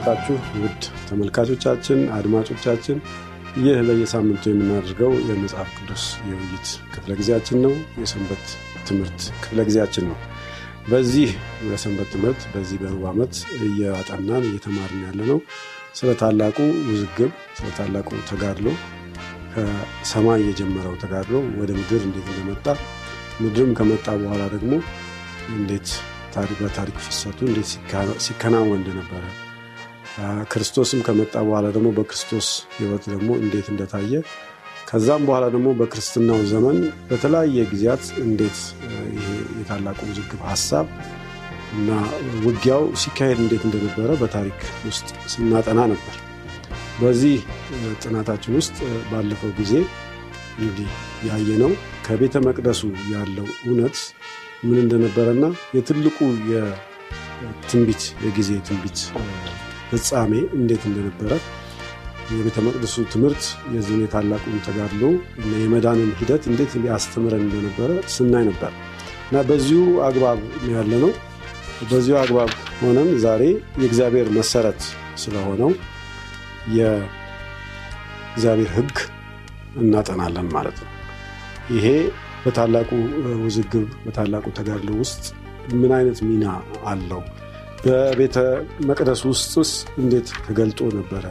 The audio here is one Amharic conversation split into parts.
ያውቃችሁ ውድ ተመልካቾቻችን፣ አድማጮቻችን ይህ በየሳምንቱ የምናደርገው የመጽሐፍ ቅዱስ የውይይት ክፍለ ጊዜያችን ነው። የሰንበት ትምህርት ክፍለ ጊዜያችን ነው። በዚህ የሰንበት ትምህርት በዚህ በሩብ ዓመት እያጠናን እየተማርን ያለ ነው ስለ ታላቁ ውዝግብ፣ ስለ ታላቁ ተጋድሎ ከሰማይ የጀመረው ተጋድሎ ወደ ምድር እንዴት እንደመጣ ምድርም ከመጣ በኋላ ደግሞ እንዴት በታሪክ ፍሰቱ እንዴት ሲከናወን እንደነበረ ክርስቶስም ከመጣ በኋላ ደግሞ በክርስቶስ ህይወት ደግሞ እንዴት እንደታየ ከዛም በኋላ ደግሞ በክርስትናው ዘመን በተለያየ ጊዜያት እንዴት ይሄ የታላቁ ውዝግብ ሀሳብ እና ውጊያው ሲካሄድ እንዴት እንደነበረ በታሪክ ውስጥ ስናጠና ነበር። በዚህ ጥናታችን ውስጥ ባለፈው ጊዜ እንግዲህ ነው። ከቤተ መቅደሱ ያለው እውነት ምን እንደነበረና የትልቁ የትንቢት የጊዜ ትንቢት ፍጻሜ እንዴት እንደነበረ የቤተ መቅደሱ ትምህርት የዚህን የታላቁን ተጋድሎ እና የመዳንን ሂደት እንዴት ሊያስተምረን እንደነበረ ስናይ ነበር እና በዚሁ አግባብ ያለ ነው። በዚሁ አግባብ ሆነም ዛሬ የእግዚአብሔር መሰረት ስለሆነው የእግዚአብሔር ህግ እናጠናለን ማለት ነው። ይሄ በታላቁ ውዝግብ በታላቁ ተጋድሎ ውስጥ ምን አይነት ሚና አለው? በቤተ መቅደስ ውስጥስ እንዴት ተገልጦ ነበረ?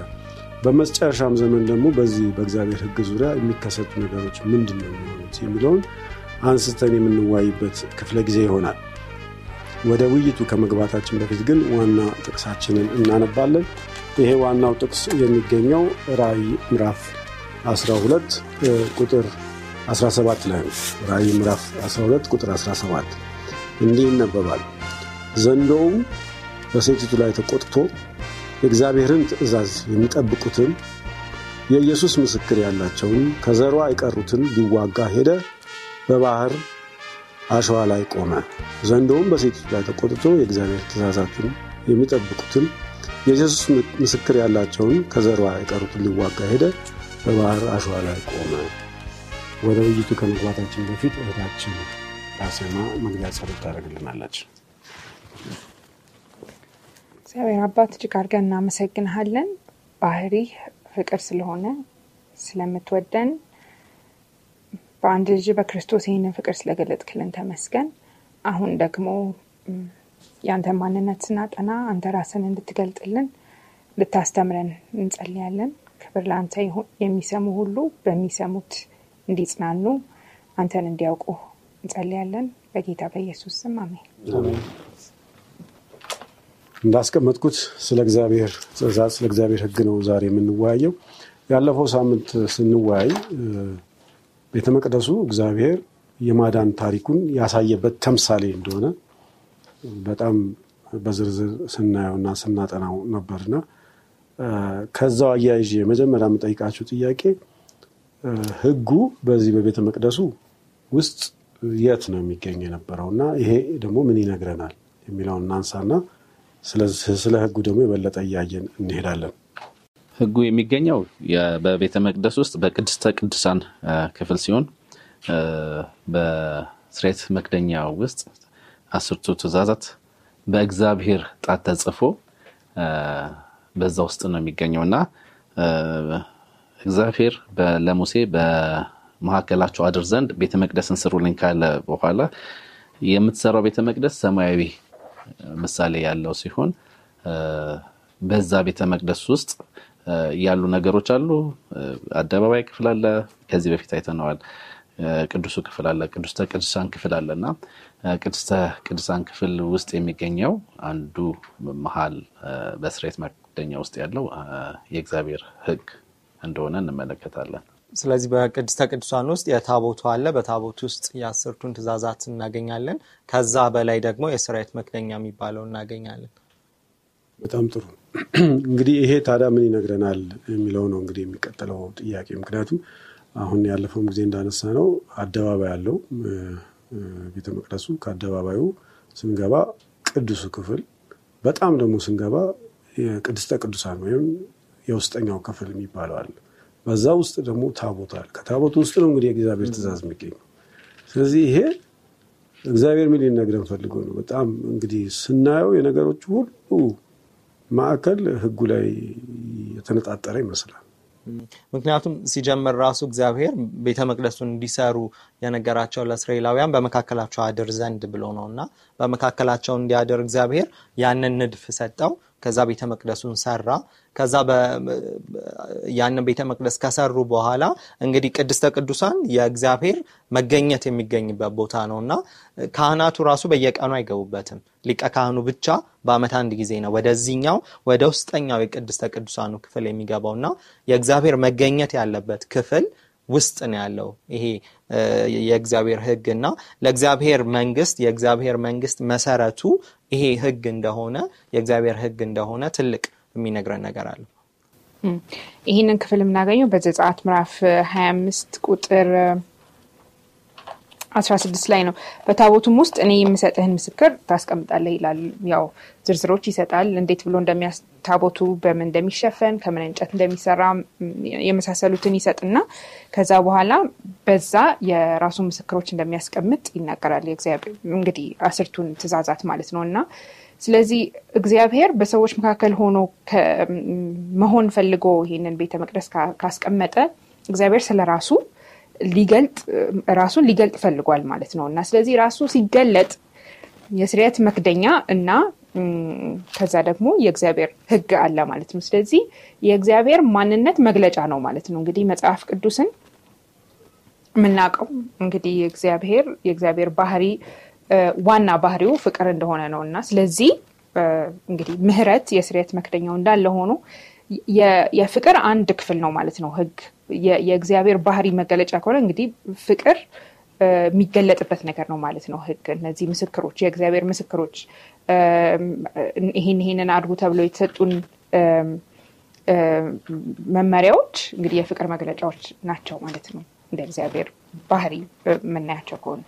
በመጨረሻም ዘመን ደግሞ በዚህ በእግዚአብሔር ሕግ ዙሪያ የሚከሰቱ ነገሮች ምንድን ነው የሚሆኑት የሚለውን አንስተን የምንዋይበት ክፍለ ጊዜ ይሆናል። ወደ ውይይቱ ከመግባታችን በፊት ግን ዋና ጥቅሳችንን እናነባለን። ይሄ ዋናው ጥቅስ የሚገኘው ራእይ ምዕራፍ 12 ቁጥር 17 ላይ ነው። ራእይ ምዕራፍ 12 ቁጥር 17 እንዲህ ይነበባል። ዘንዶውም በሴቲቱ ላይ ተቆጥቶ የእግዚአብሔርን ትእዛዝ የሚጠብቁትን የኢየሱስ ምስክር ያላቸውን ከዘሯ የቀሩትን ሊዋጋ ሄደ፣ በባህር አሸዋ ላይ ቆመ። ዘንዶውም በሴቲቱ ላይ ተቆጥቶ የእግዚአብሔር ትእዛዛትን የሚጠብቁትን የኢየሱስ ምስክር ያላቸውን ከዘሯ የቀሩትን ሊዋጋ ሄደ፣ በባህር አሸዋ ላይ ቆመ። ወደ ውይይቱ ከመግባታችን በፊት እህታችን ዳሴማ መግቢያ ጸሎት ታደርግልናለች። እግዚአብሔር አባት እጅግ አድርገን እናመሰግንሃለን። ባህሪህ ፍቅር ስለሆነ ስለምትወደን በአንድ ልጅ በክርስቶስ ይህንን ፍቅር ስለገለጥክልን ተመስገን። አሁን ደግሞ የአንተን ማንነት ስናጠና አንተ ራስን እንድትገልጥልን ልታስተምረን እንጸልያለን። ክብር ለአንተ የሚሰሙ ሁሉ በሚሰሙት እንዲጽናኑ አንተን እንዲያውቁ እንጸልያለን። በጌታ በኢየሱስ ስም አሜን። እንዳስቀመጥኩት ስለ እግዚአብሔር ትእዛዝ፣ ስለ እግዚአብሔር ሕግ ነው ዛሬ የምንወያየው። ያለፈው ሳምንት ስንወያይ ቤተ መቅደሱ እግዚአብሔር የማዳን ታሪኩን ያሳየበት ተምሳሌ እንደሆነ በጣም በዝርዝር ስናየውና ስናጠናው ነበርና ከዛው አያይዤ የመጀመሪያ የምጠይቃችሁ ጥያቄ ህጉ በዚህ በቤተ መቅደሱ ውስጥ የት ነው የሚገኝ የነበረው እና ይሄ ደግሞ ምን ይነግረናል የሚለውን እናንሳና ስለ ህጉ ደግሞ የበለጠ እያየን እንሄዳለን። ህጉ የሚገኘው በቤተ መቅደስ ውስጥ በቅድስተ ቅዱሳን ክፍል ሲሆን በስሬት መክደኛ ውስጥ አስርቱ ትእዛዛት በእግዚአብሔር ጣት ተጽፎ በዛ ውስጥ ነው የሚገኘው እና እግዚአብሔር ለሙሴ በመካከላቸው አድር ዘንድ ቤተ መቅደስን ስሩልኝ ካለ በኋላ የምትሰራው ቤተ መቅደስ ሰማያዊ ምሳሌ ያለው ሲሆን በዛ ቤተ መቅደስ ውስጥ ያሉ ነገሮች አሉ። አደባባይ ክፍል አለ፣ ከዚህ በፊት አይተነዋል። ቅዱሱ ክፍል አለ፣ ቅድስተ ቅዱሳን ክፍል አለ እና ቅድስተ ቅዱሳን ክፍል ውስጥ የሚገኘው አንዱ መሀል በስርየት መክደኛ ውስጥ ያለው የእግዚአብሔር ሕግ እንደሆነ እንመለከታለን። ስለዚህ በቅድስተ ቅዱሳን ውስጥ የታቦቱ አለ። በታቦት ውስጥ የአስርቱን ትእዛዛት እናገኛለን። ከዛ በላይ ደግሞ የስርየት መክደኛ የሚባለው እናገኛለን። በጣም ጥሩ። እንግዲህ ይሄ ታዲያ ምን ይነግረናል የሚለው ነው እንግዲህ የሚቀጥለው ጥያቄ። ምክንያቱም አሁን ያለፈውም ጊዜ እንዳነሳ ነው አደባባይ አለው ቤተ መቅደሱ። ከአደባባዩ ስንገባ ቅዱሱ ክፍል፣ በጣም ደግሞ ስንገባ ቅድስተ ቅዱሳን ወይም የውስጠኛው ክፍል የሚባለው አለ በዛ ውስጥ ደግሞ ታቦት አለ። ከታቦት ውስጥ ነው እንግዲህ የእግዚአብሔር ትእዛዝ የሚገኘው። ስለዚህ ይሄ እግዚአብሔር ምን ሊነግረን ፈልጎ ነው? በጣም እንግዲህ ስናየው የነገሮች ሁሉ ማዕከል ህጉ ላይ የተነጣጠረ ይመስላል። ምክንያቱም ሲጀምር ራሱ እግዚአብሔር ቤተ መቅደሱን እንዲሰሩ የነገራቸው ለእስራኤላውያን በመካከላቸው አድር ዘንድ ብሎ ነው እና በመካከላቸው እንዲያድር እግዚአብሔር ያንን ንድፍ ሰጠው። ከዛ ቤተ መቅደሱን ሰራ። ከዛ ያንን ቤተ መቅደስ ከሰሩ በኋላ እንግዲህ ቅድስተ ቅዱሳን የእግዚአብሔር መገኘት የሚገኝበት ቦታ ነው እና ካህናቱ ራሱ በየቀኑ አይገቡበትም። ሊቀ ካህኑ ብቻ በአመት አንድ ጊዜ ነው ወደዚኛው ወደ ውስጠኛው የቅድስተ ቅዱሳኑ ክፍል የሚገባው እና የእግዚአብሔር መገኘት ያለበት ክፍል ውስጥ ነው ያለው ይሄ የእግዚአብሔር ህግ እና ለእግዚአብሔር መንግስት የእግዚአብሔር መንግስት መሰረቱ ይሄ ህግ እንደሆነ የእግዚአብሔር ህግ እንደሆነ ትልቅ የሚነግረን ነገር አለ ይህንን ክፍል የምናገኘው በዘጸአት ምዕራፍ 25 ቁጥር አስራ ላይ ነው በታቦቱም ውስጥ እኔ የምሰጥህን ምስክር ታስቀምጣለህ ይላል። ያው ዝርዝሮች ይሰጣል። እንዴት ብሎ ታቦቱ በምን እንደሚሸፈን ከምን እንጨት እንደሚሰራ የመሳሰሉትን ይሰጥና ከዛ በኋላ በዛ የራሱ ምስክሮች እንደሚያስቀምጥ ይናገራል። እግዚአብሔር እንግዲህ አስርቱን ትእዛዛት ማለት ነው እና ስለዚህ እግዚአብሔር በሰዎች መካከል ሆኖ መሆን ፈልጎ ይህንን ቤተ መቅደስ ካስቀመጠ እግዚአብሔር ስለ ራሱ ሊገልጥ ራሱን ሊገልጥ ፈልጓል ማለት ነው እና ስለዚህ ራሱ ሲገለጥ የስርየት መክደኛ እና ከዛ ደግሞ የእግዚአብሔር ህግ አለ ማለት ነው። ስለዚህ የእግዚአብሔር ማንነት መግለጫ ነው ማለት ነው። እንግዲህ መጽሐፍ ቅዱስን የምናውቀው እንግዲህ የእግዚአብሔር የእግዚአብሔር ባህሪ ዋና ባህሪው ፍቅር እንደሆነ ነው እና ስለዚህ እንግዲህ ምህረት የስርየት መክደኛው እንዳለ ሆኖ የፍቅር አንድ ክፍል ነው ማለት ነው ህግ። የእግዚአብሔር ባህሪ መገለጫ ከሆነ እንግዲህ ፍቅር የሚገለጥበት ነገር ነው ማለት ነው ህግ። እነዚህ ምስክሮች፣ የእግዚአብሔር ምስክሮች ይሄን ይሄንን አድርጉ ተብሎ የተሰጡን መመሪያዎች እንግዲህ የፍቅር መግለጫዎች ናቸው ማለት ነው እንደ እግዚአብሔር ባህሪ የምናያቸው ከሆነ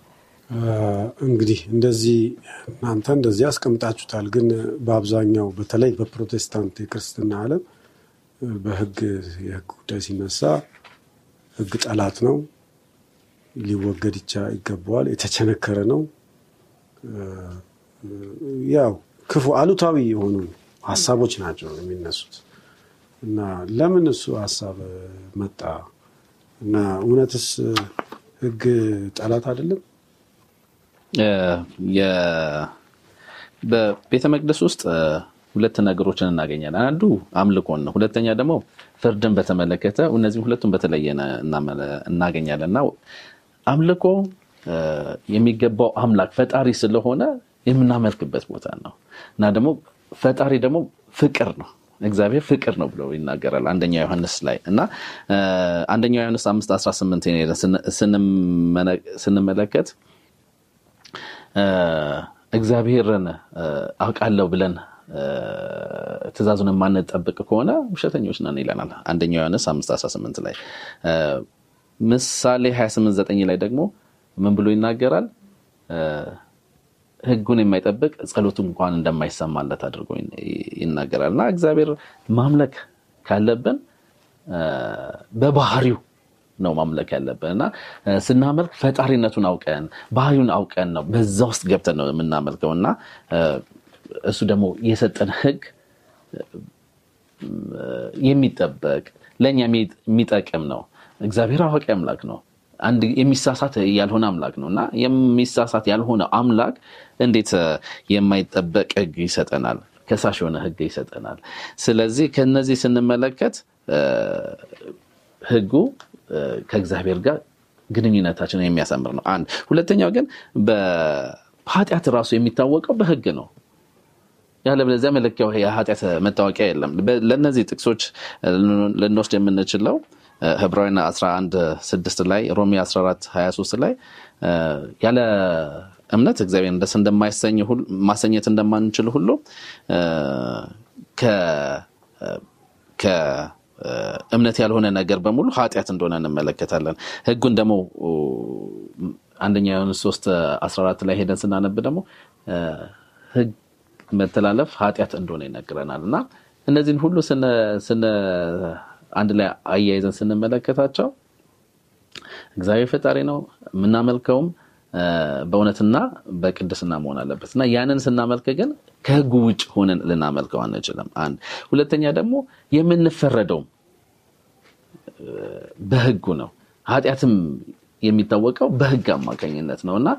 እንግዲህ እንደዚህ እናንተ እንደዚህ አስቀምጣችሁታል። ግን በአብዛኛው በተለይ በፕሮቴስታንት የክርስትና አለም። በህግ የህግ ጉዳይ ሲነሳ ህግ ጠላት ነው፣ ሊወገድ ይቻ ይገባዋል፣ የተቸነከረ ነው። ያው ክፉ አሉታዊ የሆኑ ሀሳቦች ናቸው የሚነሱት እና ለምን እሱ ሀሳብ መጣ እና እውነትስ ህግ ጠላት አይደለም? በቤተ መቅደስ ውስጥ ሁለት ነገሮችን እናገኛለን። አንዱ አምልኮን ነው። ሁለተኛ ደግሞ ፍርድን በተመለከተ እነዚህ ሁለቱን በተለየ እናገኛለን እና አምልኮ የሚገባው አምላክ ፈጣሪ ስለሆነ የምናመልክበት ቦታ ነው እና ደግሞ ፈጣሪ ደግሞ ፍቅር ነው። እግዚአብሔር ፍቅር ነው ብሎ ይናገራል አንደኛ ዮሐንስ ላይ እና አንደኛ ዮሐንስ አምስት 18 ስንመለከት እግዚአብሔርን አውቃለሁ ብለን ትእዛዙን የማንጠብቅ ከሆነ ውሸተኞች ነን ይለናል። አንደኛ ዮሐንስ ስምንት ላይ ምሳሌ ዘጠኝ ላይ ደግሞ ምን ብሎ ይናገራል? ህጉን የማይጠብቅ ጸሎቱ እንኳን እንደማይሰማለት አድርጎ ይናገራል። እና እግዚአብሔር ማምለክ ካለብን በባህሪው ነው ማምለክ ያለብን እና ስናመልክ ፈጣሪነቱን አውቀን ባህሪውን አውቀን ነው በዛ ውስጥ ገብተን ነው የምናመልከው እና እሱ ደግሞ የሰጠን ህግ የሚጠበቅ ለእኛ የሚጠቅም ነው። እግዚአብሔር አዋቂ አምላክ ነው። አንድ የሚሳሳት ያልሆነ አምላክ ነው እና የሚሳሳት ያልሆነ አምላክ እንዴት የማይጠበቅ ህግ ይሰጠናል? ከሳሽ የሆነ ህግ ይሰጠናል። ስለዚህ ከነዚህ ስንመለከት ህጉ ከእግዚአብሔር ጋር ግንኙነታችን የሚያሳምር ነው። አንድ ሁለተኛው ግን በኃጢአት ራሱ የሚታወቀው በህግ ነው። ያለበለዚያ መለኪያው የኃጢአት መታወቂያ የለም። ለእነዚህ ጥቅሶች ልንወስድ የምንችለው ህብራዊና 11 6 ላይ ሮሚ 14 23 ላይ ያለ እምነት እግዚአብሔር ደስ ማሰኘት እንደማንችል ሁሉ ከእምነት ያልሆነ ነገር በሙሉ ኃጢአት እንደሆነ እንመለከታለን። ህጉን ደግሞ አንደኛ ዮሐንስ 3 14 ላይ ሄደን ስናነብ ደግሞ ህግ መተላለፍ ኃጢአት እንደሆነ ይነግረናል እና እነዚህን ሁሉ አንድ ላይ አያይዘን ስንመለከታቸው እግዚአብሔር ፈጣሪ ነው የምናመልከውም በእውነትና በቅድስና መሆን አለበት እና ያንን ስናመልክ ግን ከህጉ ውጭ ሆነን ልናመልከው አንችልም። አንድ ሁለተኛ ደግሞ የምንፈረደውም በህጉ ነው። ኃጢአትም የሚታወቀው በህግ አማካኝነት ነው እና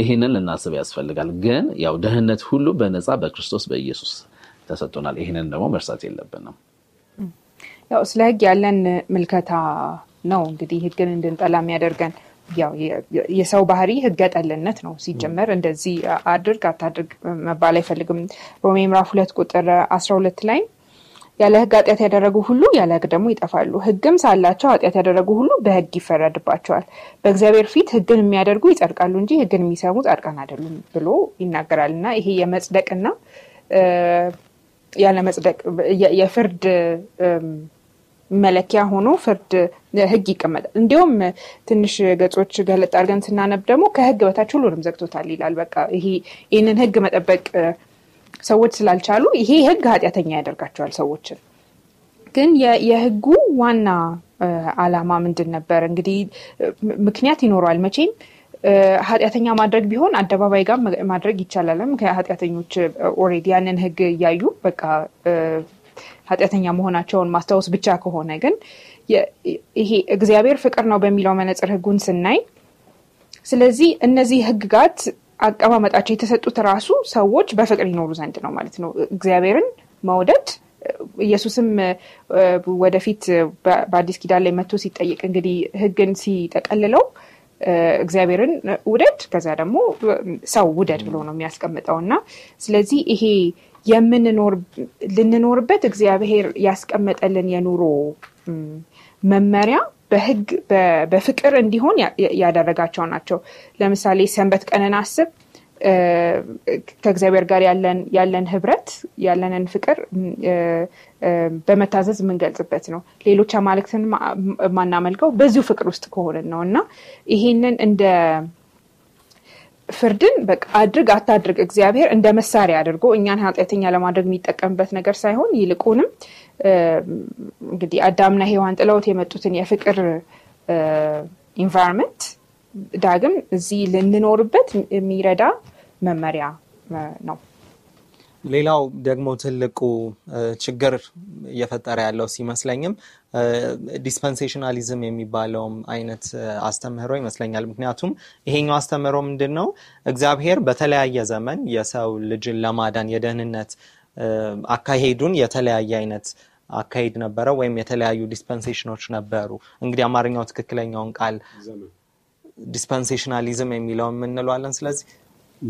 ይህንን ልናስብ ያስፈልጋል። ግን ያው ደህንነት ሁሉ በነፃ በክርስቶስ በኢየሱስ ተሰጥቶናል። ይህንን ደግሞ መርሳት የለብንም። ያው ስለ ህግ ያለን ምልከታ ነው እንግዲህ ህግን እንድንጠላ የሚያደርገን ያው የሰው ባህሪ ህገ ጠልነት ነው። ሲጀመር እንደዚህ አድርግ አታድርግ መባል አይፈልግም። ሮሜ ምዕራፍ ሁለት ቁጥር አስራ ሁለት ላይም ያለ ህግ ኃጢአት ያደረጉ ሁሉ ያለ ህግ ደግሞ ይጠፋሉ። ህግም ሳላቸው ኃጢአት ያደረጉ ሁሉ በህግ ይፈረድባቸዋል። በእግዚአብሔር ፊት ህግን የሚያደርጉ ይጸድቃሉ እንጂ ህግን የሚሰሙ ጻድቃን አይደሉም ብሎ ይናገራል እና ይሄ የመጽደቅና ያለ የፍርድ መለኪያ ሆኖ ፍርድ ህግ ይቀመጣል። እንዲሁም ትንሽ ገጾች ገለጥ አድርገን ስናነብ ደግሞ ከህግ በታች ሁሉንም ዘግቶታል ይላል። በቃ ይሄ ይህንን ህግ መጠበቅ ሰዎች ስላልቻሉ ይሄ ህግ ኃጢአተኛ ያደርጋቸዋል ሰዎችን። ግን የህጉ ዋና አላማ ምንድን ነበር? እንግዲህ ምክንያት ይኖረዋል መቼም ኃጢአተኛ ማድረግ ቢሆን አደባባይ ጋር ማድረግ ይቻላል። ከኃጢአተኞች ኦሬዲ ያንን ህግ እያዩ በቃ ኃጢአተኛ መሆናቸውን ማስታወስ ብቻ ከሆነ ግን ይሄ እግዚአብሔር ፍቅር ነው በሚለው መነጽር ህጉን ስናይ ስለዚህ እነዚህ ህግጋት አቀማመጣቸው የተሰጡት ራሱ ሰዎች በፍቅር ይኖሩ ዘንድ ነው ማለት ነው። እግዚአብሔርን መውደድ ኢየሱስም ወደፊት በአዲስ ኪዳን ላይ መጥቶ ሲጠይቅ እንግዲህ ሕግን ሲጠቀልለው እግዚአብሔርን ውደድ፣ ከዛ ደግሞ ሰው ውደድ ብሎ ነው የሚያስቀምጠው እና ስለዚህ ይሄ የምንኖር ልንኖርበት እግዚአብሔር ያስቀመጠልን የኑሮ መመሪያ በህግ በፍቅር እንዲሆን ያደረጋቸው ናቸው። ለምሳሌ ሰንበት ቀንን አስብ ከእግዚአብሔር ጋር ያለን ህብረት ያለንን ፍቅር በመታዘዝ የምንገልጽበት ነው። ሌሎች አማልክትን የማናመልከው በዚሁ ፍቅር ውስጥ ከሆንን ነው እና ይሄንን እንደ ፍርድን በቃ አድርግ አታድርግ እግዚአብሔር እንደ መሳሪያ አድርጎ እኛን ኃጢአተኛ ለማድረግ የሚጠቀምበት ነገር ሳይሆን ይልቁንም እንግዲህ አዳምና ሔዋን ጥለውት የመጡትን የፍቅር ኢንቫይሮንመንት ዳግም እዚህ ልንኖርበት የሚረዳ መመሪያ ነው። ሌላው ደግሞ ትልቁ ችግር እየፈጠረ ያለው ሲመስለኝም ዲስፐንሴሽናሊዝም የሚባለውም አይነት አስተምህሮ ይመስለኛል። ምክንያቱም ይሄኛው አስተምህሮ ምንድን ነው? እግዚአብሔር በተለያየ ዘመን የሰው ልጅን ለማዳን የደህንነት አካሄዱን የተለያየ አይነት አካሄድ ነበረ፣ ወይም የተለያዩ ዲስፐንሴሽኖች ነበሩ። እንግዲህ አማርኛው ትክክለኛውን ቃል ዲስፐንሴሽናሊዝም የሚለው የምንለዋለን። ስለዚህ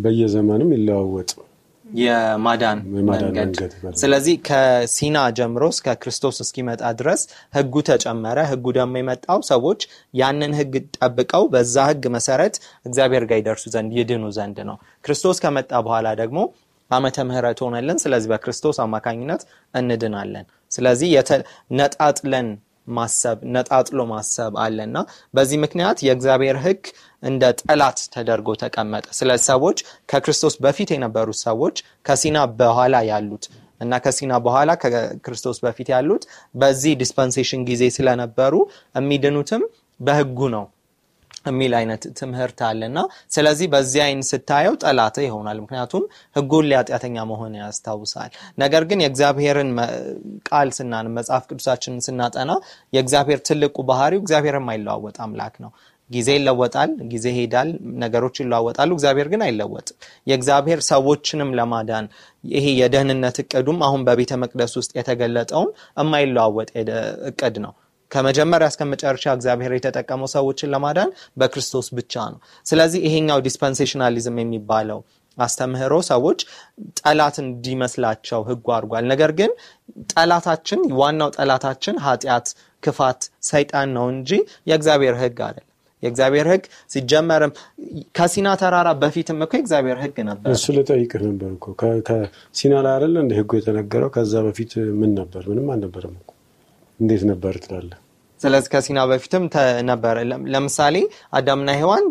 በየዘመንም ይለዋወጥ የማዳን መንገድ። ስለዚህ ከሲና ጀምሮ እስከ ክርስቶስ እስኪመጣ ድረስ ህጉ ተጨመረ። ህጉ ደግሞ የመጣው ሰዎች ያንን ህግ ጠብቀው በዛ ህግ መሰረት እግዚአብሔር ጋር ይደርሱ ዘንድ ይድኑ ዘንድ ነው። ክርስቶስ ከመጣ በኋላ ደግሞ አመተ ምህረት ሆነልን። ስለዚህ በክርስቶስ አማካኝነት እንድናለን። ስለዚህ ነጣጥለን ማሰብ ነጣጥሎ ማሰብ አለና በዚህ ምክንያት የእግዚአብሔር ህግ እንደ ጠላት ተደርጎ ተቀመጠ። ስለ ሰዎች ከክርስቶስ በፊት የነበሩት ሰዎች ከሲና በኋላ ያሉት እና ከሲና በኋላ ከክርስቶስ በፊት ያሉት በዚህ ዲስፐንሴሽን ጊዜ ስለነበሩ የሚድኑትም በህጉ ነው። የሚል አይነት ትምህርት አለና ስለዚህ በዚህ አይን ስታየው ጠላት ይሆናል። ምክንያቱም ህጉን ኃጢአተኛ መሆን ያስታውሳል። ነገር ግን የእግዚአብሔርን ቃል ስናን መጽሐፍ ቅዱሳችንን ስናጠና የእግዚአብሔር ትልቁ ባህሪው እግዚአብሔር የማይለዋወጥ አምላክ ነው። ጊዜ ይለወጣል፣ ጊዜ ይሄዳል፣ ነገሮች ይለዋወጣሉ። እግዚአብሔር ግን አይለወጥም። የእግዚአብሔር ሰዎችንም ለማዳን ይሄ የደህንነት እቅዱም አሁን በቤተ መቅደስ ውስጥ የተገለጠውን የማይለዋወጥ እቅድ ነው። ከመጀመሪያ እስከ መጨረሻ እግዚአብሔር የተጠቀመው ሰዎችን ለማዳን በክርስቶስ ብቻ ነው። ስለዚህ ይሄኛው ዲስፐንሴሽናሊዝም የሚባለው አስተምህሮ ሰዎች ጠላት እንዲመስላቸው ህጉ አድርጓል። ነገር ግን ጠላታችን ዋናው ጠላታችን ኃጢአት፣ ክፋት፣ ሰይጣን ነው እንጂ የእግዚአብሔር ህግ አይደለም። የእግዚአብሔር ህግ ሲጀመርም ከሲና ተራራ በፊትም እኮ የእግዚአብሔር ህግ ነበር። እሱ ልጠይቅህ ነበር እኮ ከሲና ላይ አይደለ እንደ የተነገረው? ከዛ በፊት ምን ነበር? ምንም አልነበረም እኮ እንዴት ነበር ትላለ ስለዚህ ከሲና በፊትም ነበር። ለምሳሌ አዳምና ሔዋን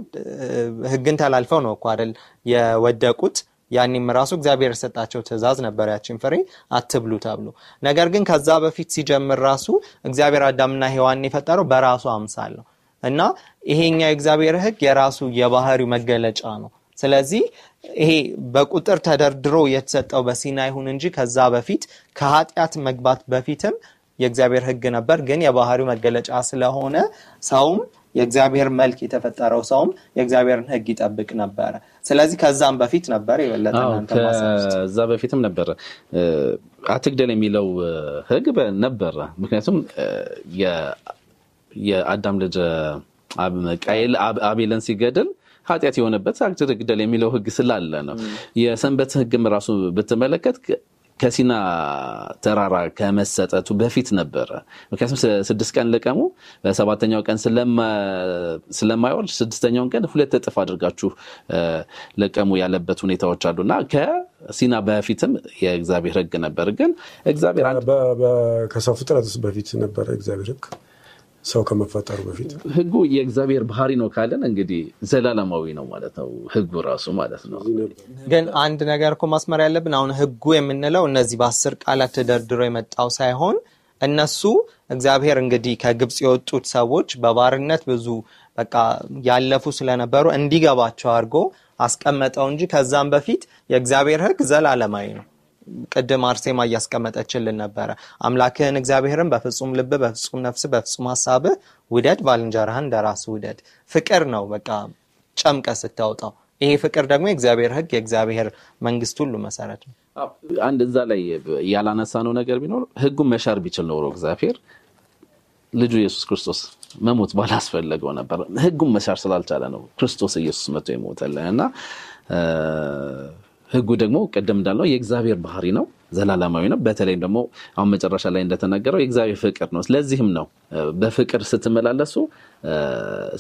ህግን ተላልፈው ነው እኮ አይደል የወደቁት። ያኔም ራሱ እግዚአብሔር የሰጣቸው ትእዛዝ ነበር ያችን ፍሬ አትብሉ ተብሎ። ነገር ግን ከዛ በፊት ሲጀምር ራሱ እግዚአብሔር አዳምና ሔዋን የፈጠረው በራሱ አምሳል ነው እና ይሄኛው የእግዚአብሔር ህግ የራሱ የባህሪው መገለጫ ነው። ስለዚህ ይሄ በቁጥር ተደርድሮ የተሰጠው በሲና ይሁን እንጂ ከዛ በፊት ከኃጢአት መግባት በፊትም የእግዚአብሔር ህግ ነበር፣ ግን የባህሪው መገለጫ ስለሆነ ሰውም የእግዚአብሔር መልክ የተፈጠረው ሰውም የእግዚአብሔርን ህግ ይጠብቅ ነበረ። ስለዚህ ከዛም በፊት ነበር የበለጠ ከዛ በፊትም ነበረ አትግደል የሚለው ህግ ነበረ። ምክንያቱም የአዳም ልጅ ቀይል አቤለን ሲገድል ኃጢአት የሆነበት ግደል የሚለው ህግ ስላለ ነው። የሰንበት ህግም ራሱ ብትመለከት ከሲና ተራራ ከመሰጠቱ በፊት ነበረ። ምክንያቱም ስድስት ቀን ልቀሙ፣ በሰባተኛው ቀን ስለማይወርድ ስድስተኛውን ቀን ሁለት እጥፍ አድርጋችሁ ልቀሙ ያለበት ሁኔታዎች አሉና ከሲና በፊትም የእግዚአብሔር ህግ ነበር። ግን እግዚአብሔር ከሰው ፍጥረት በፊት ነበረ እግዚአብሔር ህግ ሰው ከመፈጠሩ በፊት ህጉ የእግዚአብሔር ባህሪ ነው ካለን እንግዲህ ዘላለማዊ ነው ማለት ነው፣ ህጉ ራሱ ማለት ነው። ግን አንድ ነገር እኮ ማስመር ያለብን አሁን ህጉ የምንለው እነዚህ በአስር ቃላት ተደርድሮ የመጣው ሳይሆን እነሱ እግዚአብሔር እንግዲህ ከግብፅ የወጡት ሰዎች በባርነት ብዙ በቃ ያለፉ ስለነበሩ እንዲገባቸው አድርጎ አስቀመጠው እንጂ ከዛም በፊት የእግዚአብሔር ህግ ዘላለማዊ ነው። ቅድም አርሴማ እያስቀመጠችልን ነበረ። አምላክህን እግዚአብሔርን በፍጹም ልብ፣ በፍጹም ነፍስ፣ በፍጹም ሀሳብህ ውደድ፣ ባልንጀራህን እንደራስ ውደድ። ፍቅር ነው በቃ ጨምቀ ስታወጣው። ይሄ ፍቅር ደግሞ የእግዚአብሔር ህግ የእግዚአብሔር መንግስት ሁሉ መሰረት ነው። አንድ እዛ ላይ ያላነሳ ነው ነገር ቢኖር ህጉን መሻር ቢችል ኖሮ እግዚአብሔር ልጁ ኢየሱስ ክርስቶስ መሞት ባላስፈለገው ነበር። ሕጉን መሻር ስላልቻለ ነው ክርስቶስ ኢየሱስ መቶ የሞተልን እና ህጉ ደግሞ ቅድም እንዳለው የእግዚአብሔር ባህሪ ነው፣ ዘላለማዊ ነው። በተለይም ደግሞ አሁን መጨረሻ ላይ እንደተናገረው የእግዚአብሔር ፍቅር ነው። ስለዚህም ነው በፍቅር ስትመላለሱ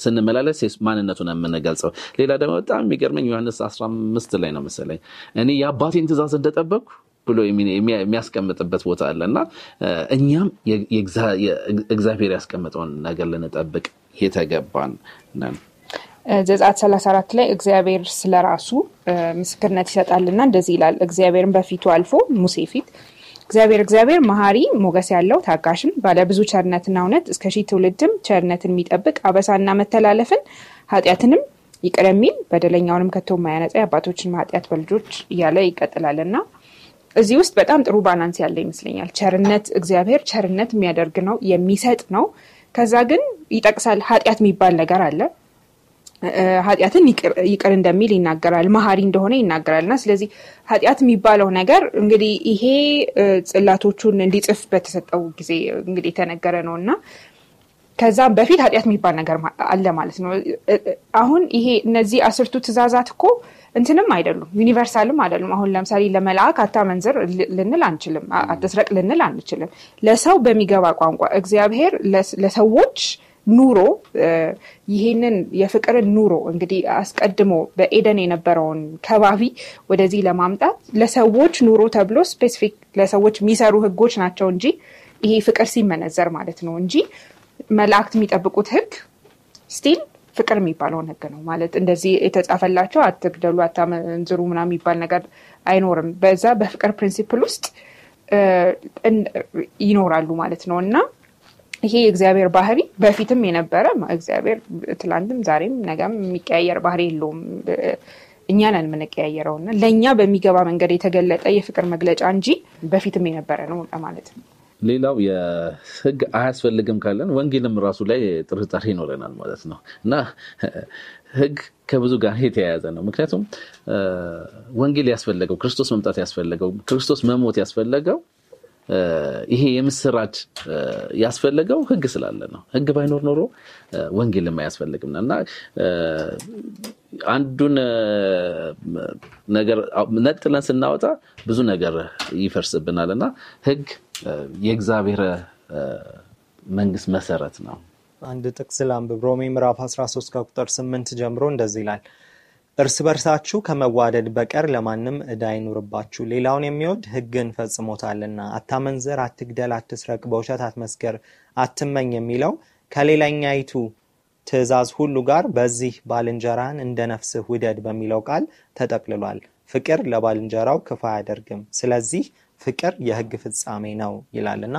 ስንመላለስ ማንነቱን የምንገልጸው። ሌላ ደግሞ በጣም የሚገርመኝ ዮሐንስ 15 ላይ ነው መሰለኝ እኔ የአባቴን ትእዛዝ እንደጠበኩ ብሎ የሚያስቀምጥበት ቦታ አለ እና እኛም እግዚአብሔር ያስቀምጠውን ነገር ልንጠብቅ የተገባን ነን። ዘጸአት 34 ላይ እግዚአብሔር ስለ ራሱ ምስክርነት ይሰጣልና እንደዚህ ይላል። እግዚአብሔርን በፊቱ አልፎ ሙሴ ፊት እግዚአብሔር እግዚአብሔር መሀሪ ሞገስ ያለው ታጋሽም ባለብዙ ቸርነትና እውነት እስከ ሺህ ትውልድም ቸርነትን የሚጠብቅ አበሳና መተላለፍን ኃጢአትንም ይቅር የሚል በደለኛውንም ከቶ ማያነጻ የአባቶችን ኃጢአት በልጆች እያለ ይቀጥላል እና እዚህ ውስጥ በጣም ጥሩ ባላንስ ያለ ይመስለኛል። ቸርነት እግዚአብሔር ቸርነት የሚያደርግ ነው የሚሰጥ ነው። ከዛ ግን ይጠቅሳል ኃጢአት የሚባል ነገር አለ ኃጢአትን ይቅር እንደሚል ይናገራል። መሀሪ እንደሆነ ይናገራል። እና ስለዚህ ኃጢአት የሚባለው ነገር እንግዲህ ይሄ ጽላቶቹን እንዲጽፍ በተሰጠው ጊዜ እንግዲህ የተነገረ ነው እና ከዛም በፊት ኃጢአት የሚባል ነገር አለ ማለት ነው። አሁን ይሄ እነዚህ አስርቱ ትእዛዛት እኮ እንትንም አይደሉም፣ ዩኒቨርሳልም አይደሉም። አሁን ለምሳሌ ለመልአክ አታመንዝር ልንል አንችልም፣ አትስረቅ ልንል አንችልም። ለሰው በሚገባ ቋንቋ እግዚአብሔር ለሰዎች ኑሮ ይሄንን የፍቅርን ኑሮ እንግዲህ አስቀድሞ በኤደን የነበረውን ከባቢ ወደዚህ ለማምጣት ለሰዎች ኑሮ ተብሎ ስፔሲፊክ ለሰዎች የሚሰሩ ህጎች ናቸው እንጂ ይሄ ፍቅር ሲመነዘር ማለት ነው እንጂ መላእክት የሚጠብቁት ህግ ስቲል ፍቅር የሚባለውን ህግ ነው ማለት እንደዚህ የተጻፈላቸው አትግደሉ፣ አታመንዝሩ ምና የሚባል ነገር አይኖርም። በዛ በፍቅር ፕሪንሲፕል ውስጥ ይኖራሉ ማለት ነው እና ይሄ የእግዚአብሔር ባህሪ በፊትም የነበረ እግዚአብሔር ትላንትም፣ ዛሬም፣ ነገም የሚቀያየር ባህሪ የለውም። እኛ ነን የምንቀያየረው እና ለእኛ በሚገባ መንገድ የተገለጠ የፍቅር መግለጫ እንጂ በፊትም የነበረ ነው ማለት ነው። ሌላው የህግ አያስፈልግም ካለን ወንጌልም ራሱ ላይ ጥርጣሬ ይኖረናል ማለት ነው እና ህግ ከብዙ ጋር የተያያዘ ነው። ምክንያቱም ወንጌል ያስፈለገው ክርስቶስ መምጣት ያስፈለገው ክርስቶስ መሞት ያስፈለገው ይሄ የምስራች ያስፈለገው ህግ ስላለ ነው። ህግ ባይኖር ኖሮ ወንጌልም አያስፈልግም እና አንዱን ነገር ነጥለን ስናወጣ ብዙ ነገር ይፈርስብናል እና ህግ የእግዚአብሔር መንግስት መሰረት ነው። አንድ ጥቅስ ላንብብ። ሮሜ ምዕራፍ 13 ከቁጥር 8 ጀምሮ እንደዚህ ይላል እርስ በርሳችሁ ከመዋደድ በቀር ለማንም እዳ አይኑርባችሁ፣ ሌላውን የሚወድ ሕግን ፈጽሞታልና። አታመንዝር፣ አትግደል፣ አትስረቅ፣ በውሸት አትመስገር አትመኝ የሚለው ከሌላኛይቱ ትእዛዝ ሁሉ ጋር በዚህ ባልንጀራን እንደ ነፍስህ ውደድ በሚለው ቃል ተጠቅልሏል። ፍቅር ለባልንጀራው ክፉ አያደርግም። ስለዚህ ፍቅር የሕግ ፍጻሜ ነው ይላልና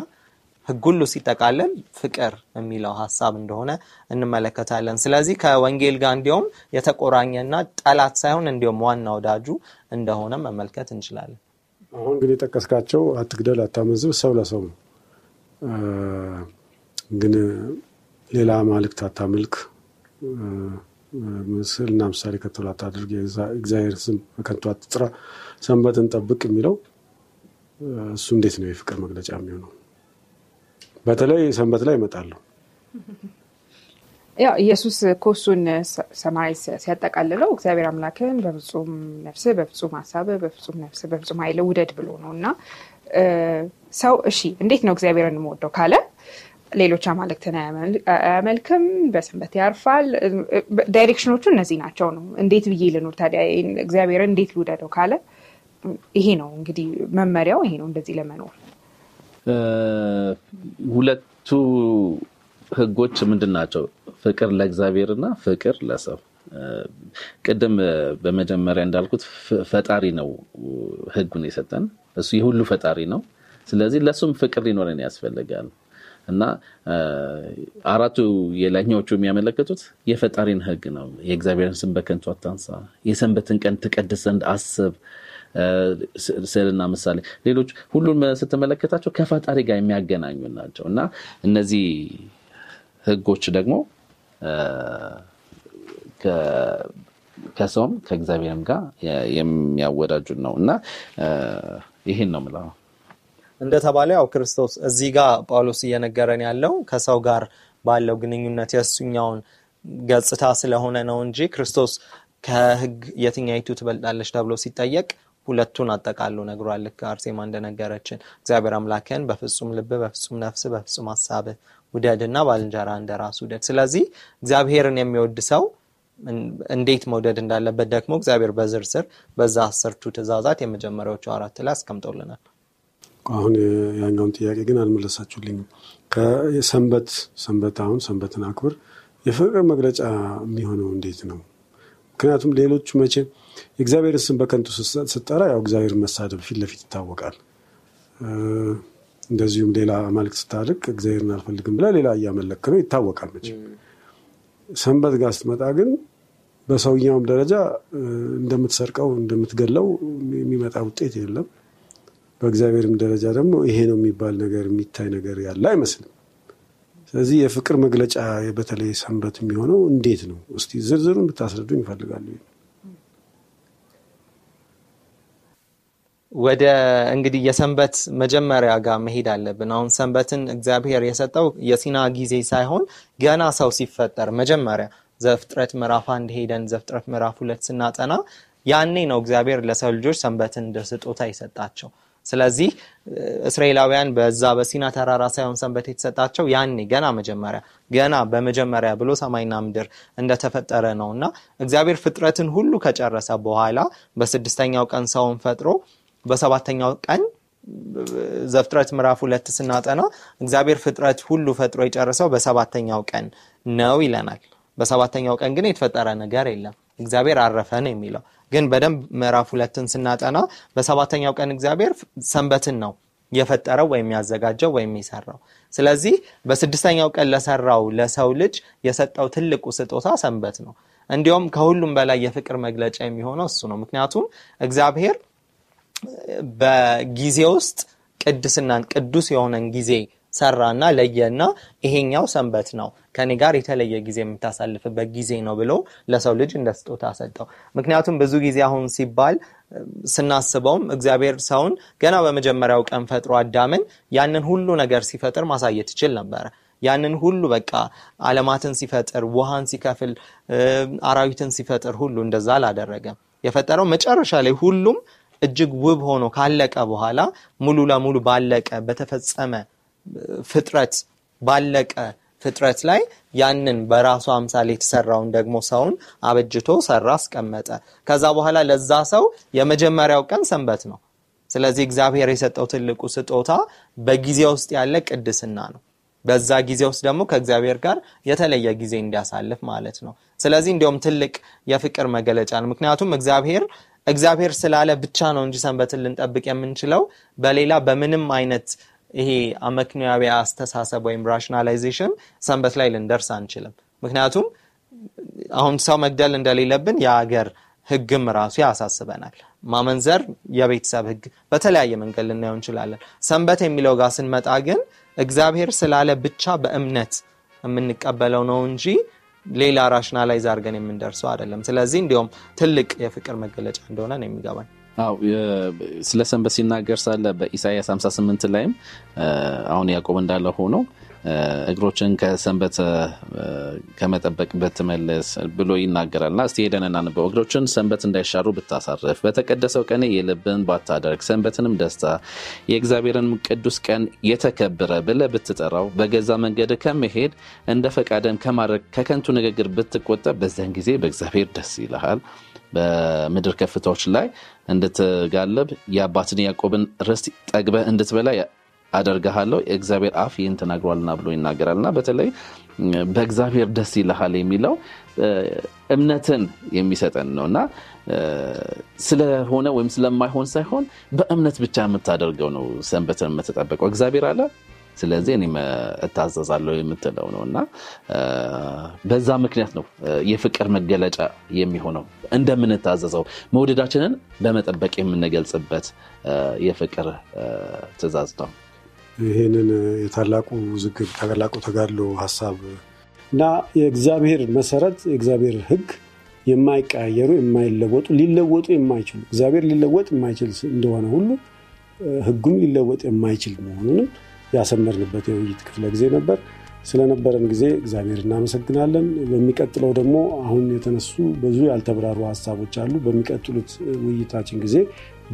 ሕግ ሁሉ ሲጠቃለል ፍቅር የሚለው ሀሳብ እንደሆነ እንመለከታለን። ስለዚህ ከወንጌል ጋር እንዲሁም የተቆራኘና ጠላት ሳይሆን እንዲሁም ዋና ወዳጁ እንደሆነ መመልከት እንችላለን። አሁን እንግዲህ የጠቀስካቸው አትግደል፣ አታመዝብ ሰው ለሰው ነው። ግን ሌላ ማልክት አታምልክ፣ እና ምሳሌ ከቶላ አታድርግ፣ የእግዚአብሔር ስም በከንቱ አትጥራ፣ ሰንበትን ጠብቅ የሚለው እሱ እንዴት ነው የፍቅር መግለጫ የሚሆነው? በተለይ ሰንበት ላይ ይመጣሉ። ያው ኢየሱስ ኮሱን ሰማይ ሲያጠቃልለው እግዚአብሔር አምላክን በፍጹም ነፍስ፣ በፍጹም ሀሳብ፣ በፍጹም ነፍስ፣ በፍጹም ኃይል ውደድ ብሎ ነው እና ሰው እሺ እንዴት ነው እግዚአብሔርን የምወደው ካለ ሌሎች አማልክትን አያመልክም፣ በሰንበት ያርፋል። ዳይሬክሽኖቹ እነዚህ ናቸው ነው። እንዴት ብዬ ልኑር ታዲያ እግዚአብሔርን እንዴት ልውደደው ካለ ይሄ ነው እንግዲህ መመሪያው፣ ይሄ ነው እንደዚህ ለመኖር ሁለቱ ህጎች ምንድን ናቸው? ፍቅር ለእግዚአብሔር እና ፍቅር ለሰው። ቅድም በመጀመሪያ እንዳልኩት ፈጣሪ ነው ህጉን የሰጠን፣ እሱ የሁሉ ፈጣሪ ነው። ስለዚህ ለእሱም ፍቅር ሊኖረን ያስፈልጋል። እና አራቱ የላይኛዎቹ የሚያመለክቱት የፈጣሪን ህግ ነው። የእግዚአብሔርን ስም በከንቱ አታንሳ፣ የሰንበትን ቀን ትቀድስ ዘንድ አስብ ስዕልና ምሳሌ፣ ሌሎች ሁሉን ስትመለከታቸው ከፈጣሪ ጋር የሚያገናኙ ናቸው እና እነዚህ ህጎች ደግሞ ከሰውም ከእግዚአብሔርም ጋር የሚያወዳጁን ነው እና ይህን ነው የምለው። እንደተባለ ያው ክርስቶስ እዚህ ጋር ጳውሎስ እየነገረን ያለው ከሰው ጋር ባለው ግንኙነት የእሱኛውን ገጽታ ስለሆነ ነው እንጂ ክርስቶስ ከህግ የትኛይቱ ትበልጣለች ተብሎ ሲጠየቅ ሁለቱን አጠቃሉ ነግሯል። ልክ አርሴማ እንደነገረችን እግዚአብሔር አምላክን በፍጹም ልብ፣ በፍጹም ነፍስ፣ በፍጹም ሀሳብ ውደድና ባልንጀራ እንደ ራሱ ውደድ። ስለዚህ እግዚአብሔርን የሚወድ ሰው እንዴት መውደድ እንዳለበት ደግሞ እግዚአብሔር በዝርዝር በዛ አስርቱ ትእዛዛት የመጀመሪያዎቹ አራት ላይ አስቀምጦልናል። አሁን ያኛውን ጥያቄ ግን አልመለሳችሁልኝም። ከሰንበት ሰንበት አሁን ሰንበትን አክብር የፍቅር መግለጫ የሚሆነው እንዴት ነው? ምክንያቱም ሌሎቹ መቼም የእግዚአብሔር ስም በከንቱ ስጠራ ያው እግዚአብሔር መሳደብ ፊት ለፊት ይታወቃል። እንደዚሁም ሌላ አማልክት ስታልቅ እግዚአብሔርን አልፈልግም ብለህ ሌላ እያመለክ ነው ይታወቃል። መቼም ሰንበት ጋር ስትመጣ ግን በሰውኛውም ደረጃ እንደምትሰርቀው እንደምትገለው የሚመጣ ውጤት የለም። በእግዚአብሔርም ደረጃ ደግሞ ይሄ ነው የሚባል ነገር የሚታይ ነገር ያለ አይመስልም። ስለዚህ የፍቅር መግለጫ በተለይ ሰንበት የሚሆነው እንዴት ነው? እስቲ ዝርዝሩን ብታስረዱ ይፈልጋሉ። ወደ እንግዲህ የሰንበት መጀመሪያ ጋር መሄድ አለብን። አሁን ሰንበትን እግዚአብሔር የሰጠው የሲና ጊዜ ሳይሆን ገና ሰው ሲፈጠር መጀመሪያ ዘፍጥረት ምዕራፍ አንድ ሄደን ዘፍጥረት ምዕራፍ ሁለት ስናጠና ያኔ ነው እግዚአብሔር ለሰው ልጆች ሰንበትን እንደ ስጦታ የሰጣቸው። ስለዚህ እስራኤላውያን በዛ በሲና ተራራ ሳይሆን ሰንበት የተሰጣቸው ያኔ ገና መጀመሪያ ገና በመጀመሪያ ብሎ ሰማይና ምድር እንደተፈጠረ ነው እና እግዚአብሔር ፍጥረትን ሁሉ ከጨረሰ በኋላ በስድስተኛው ቀን ሰውን ፈጥሮ በሰባተኛው ቀን ዘፍጥረት ምዕራፍ ሁለት ስናጠና እግዚአብሔር ፍጥረት ሁሉ ፈጥሮ የጨረሰው በሰባተኛው ቀን ነው ይለናል። በሰባተኛው ቀን ግን የተፈጠረ ነገር የለም። እግዚአብሔር አረፈን የሚለው ግን በደንብ ምዕራፍ ሁለትን ስናጠና በሰባተኛው ቀን እግዚአብሔር ሰንበትን ነው የፈጠረው ወይም ያዘጋጀው ወይም የሰራው። ስለዚህ በስድስተኛው ቀን ለሰራው ለሰው ልጅ የሰጠው ትልቁ ስጦታ ሰንበት ነው። እንዲሁም ከሁሉም በላይ የፍቅር መግለጫ የሚሆነው እሱ ነው። ምክንያቱም እግዚአብሔር በጊዜ ውስጥ ቅድስናን ቅዱስ የሆነን ጊዜ ሰራና ለየና ይሄኛው ሰንበት ነው ከኔ ጋር የተለየ ጊዜ የምታሳልፍበት ጊዜ ነው ብሎ ለሰው ልጅ እንደ ስጦታ ሰጠው። ምክንያቱም ብዙ ጊዜ አሁን ሲባል ስናስበውም እግዚአብሔር ሰውን ገና በመጀመሪያው ቀን ፈጥሮ አዳምን ያንን ሁሉ ነገር ሲፈጥር ማሳየት ይችል ነበረ። ያንን ሁሉ በቃ አለማትን ሲፈጥር፣ ውሃን ሲከፍል፣ አራዊትን ሲፈጥር ሁሉ እንደዛ አላደረገም። የፈጠረው መጨረሻ ላይ ሁሉም እጅግ ውብ ሆኖ ካለቀ በኋላ ሙሉ ለሙሉ ባለቀ በተፈጸመ ፍጥረት ባለቀ ፍጥረት ላይ ያንን በራሱ አምሳል የተሰራውን ደግሞ ሰውን አበጅቶ ሰራ፣ አስቀመጠ። ከዛ በኋላ ለዛ ሰው የመጀመሪያው ቀን ሰንበት ነው። ስለዚህ እግዚአብሔር የሰጠው ትልቁ ስጦታ በጊዜ ውስጥ ያለ ቅድስና ነው። በዛ ጊዜ ውስጥ ደግሞ ከእግዚአብሔር ጋር የተለየ ጊዜ እንዲያሳልፍ ማለት ነው። ስለዚህ እንዲሁም ትልቅ የፍቅር መገለጫ ነው። ምክንያቱም እግዚአብሔር እግዚአብሔር ስላለ ብቻ ነው እንጂ ሰንበትን ልንጠብቅ የምንችለው። በሌላ በምንም አይነት ይሄ አመክንያዊ አስተሳሰብ ወይም ራሽናላይዜሽን ሰንበት ላይ ልንደርስ አንችልም። ምክንያቱም አሁን ሰው መግደል እንደሌለብን የሀገር ህግም ራሱ ያሳስበናል። ማመንዘር፣ የቤተሰብ ህግ በተለያየ መንገድ ልናየው እንችላለን። ሰንበት የሚለው ጋር ስንመጣ ግን እግዚአብሔር ስላለ ብቻ በእምነት የምንቀበለው ነው እንጂ ሌላ ራሽናላይዝ አድርገን የምንደርሰው አይደለም። ስለዚህ እንዲሁም ትልቅ የፍቅር መገለጫ እንደሆነ ነው የሚገባኝ። አው ስለ ሰንበት ሲናገር ሳለ በኢሳያስ 58 ላይም አሁን ያቆብ እንዳለ ሆኖ እግሮችን ከሰንበት ከመጠበቅ ብትመልስ ብሎ ይናገራልና እስቲ ሄደን እናንበው። እግሮችን ሰንበት እንዳይሻሩ ብታሳርፍ፣ በተቀደሰው ቀን የልብን ባታደርግ፣ ሰንበትንም ደስታ የእግዚአብሔርን ቅዱስ ቀን የተከበረ ብለህ ብትጠራው፣ በገዛ መንገድ ከመሄድ እንደ ፈቃደም ከማድረግ ከከንቱ ንግግር ብትቆጠብ፣ በዚያን ጊዜ በእግዚአብሔር ደስ ይልሃል። በምድር ከፍታዎች ላይ እንድትጋለብ የአባትን ያዕቆብን ርስት ጠግበህ እንድትበላ አደርግሃለሁ የእግዚአብሔር አፍ ይህን ተናግሯልና ብሎ ይናገራልና በተለይ በእግዚአብሔር ደስ ይልሃል የሚለው እምነትን የሚሰጠን እና ስለሆነ ወይም ስለማይሆን ሳይሆን በእምነት ብቻ የምታደርገው ነው ሰንበትን የምትጠበቀው እግዚአብሔር አለ ስለዚህ እኔ እታዘዛለሁ የምትለው ነው እና በዛ ምክንያት ነው የፍቅር መገለጫ የሚሆነው እንደምንታዘዘው መውደዳችንን በመጠበቅ የምንገልጽበት የፍቅር ትእዛዝ ነው ይህንን የታላቁ ውዝግብ ታላቁ ተጋድሎ ሀሳብ እና የእግዚአብሔር መሰረት የእግዚአብሔር ህግ የማይቀያየሩ የማይለወጡ ሊለወጡ የማይችሉ እግዚአብሔር ሊለወጥ የማይችል እንደሆነ ሁሉ ህጉም ሊለወጥ የማይችል መሆኑንም ያሰመርንበት የውይይት ክፍለ ጊዜ ነበር። ስለነበረን ጊዜ እግዚአብሔር እናመሰግናለን። በሚቀጥለው ደግሞ አሁን የተነሱ ብዙ ያልተብራሩ ሀሳቦች አሉ። በሚቀጥሉት ውይይታችን ጊዜ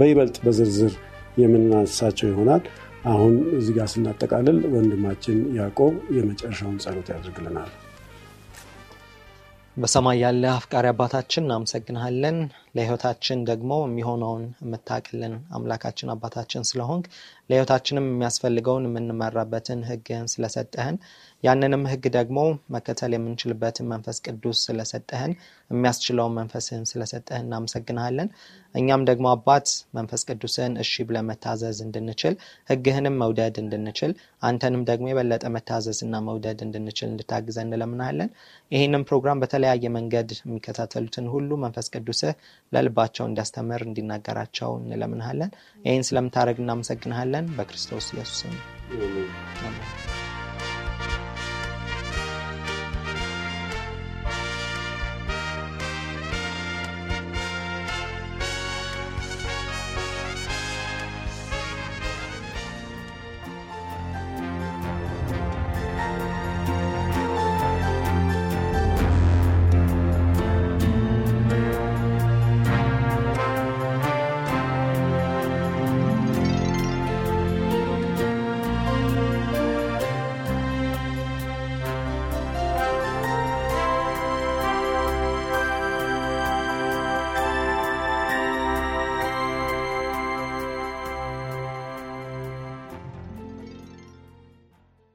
በይበልጥ በዝርዝር የምናነሳቸው ይሆናል። አሁን እዚህ ጋር ስናጠቃልል ወንድማችን ያዕቆብ የመጨረሻውን ጸሎት ያደርግልናል። በሰማይ ያለ አፍቃሪ አባታችን እናመሰግንሃለን። ለህይወታችን ደግሞ የሚሆነውን የምታቅልን አምላካችን አባታችን ስለሆንክ ለህይወታችንም የሚያስፈልገውን የምንመራበትን ህግን ስለሰጠህን ያንንም ህግ ደግሞ መከተል የምንችልበትን መንፈስ ቅዱስ ስለሰጠህን የሚያስችለውን መንፈስህን ስለሰጠህን እናመሰግናለን እኛም ደግሞ አባት መንፈስ ቅዱስን እሺ ብለን መታዘዝ እንድንችል ህግህንም መውደድ እንድንችል አንተንም ደግሞ የበለጠ መታዘዝና መውደድ እንድንችል እንድታግዘ እንለምናለን። ይህንም ፕሮግራም በተለያየ መንገድ የሚከታተሉትን ሁሉ መንፈስ ቅዱስህ ለልባቸው እንዲያስተምር እንዲናገራቸው እንለምንሃለን። ይህን ስለምታደረግ እናመሰግንሃለን። በክርስቶስ ኢየሱስ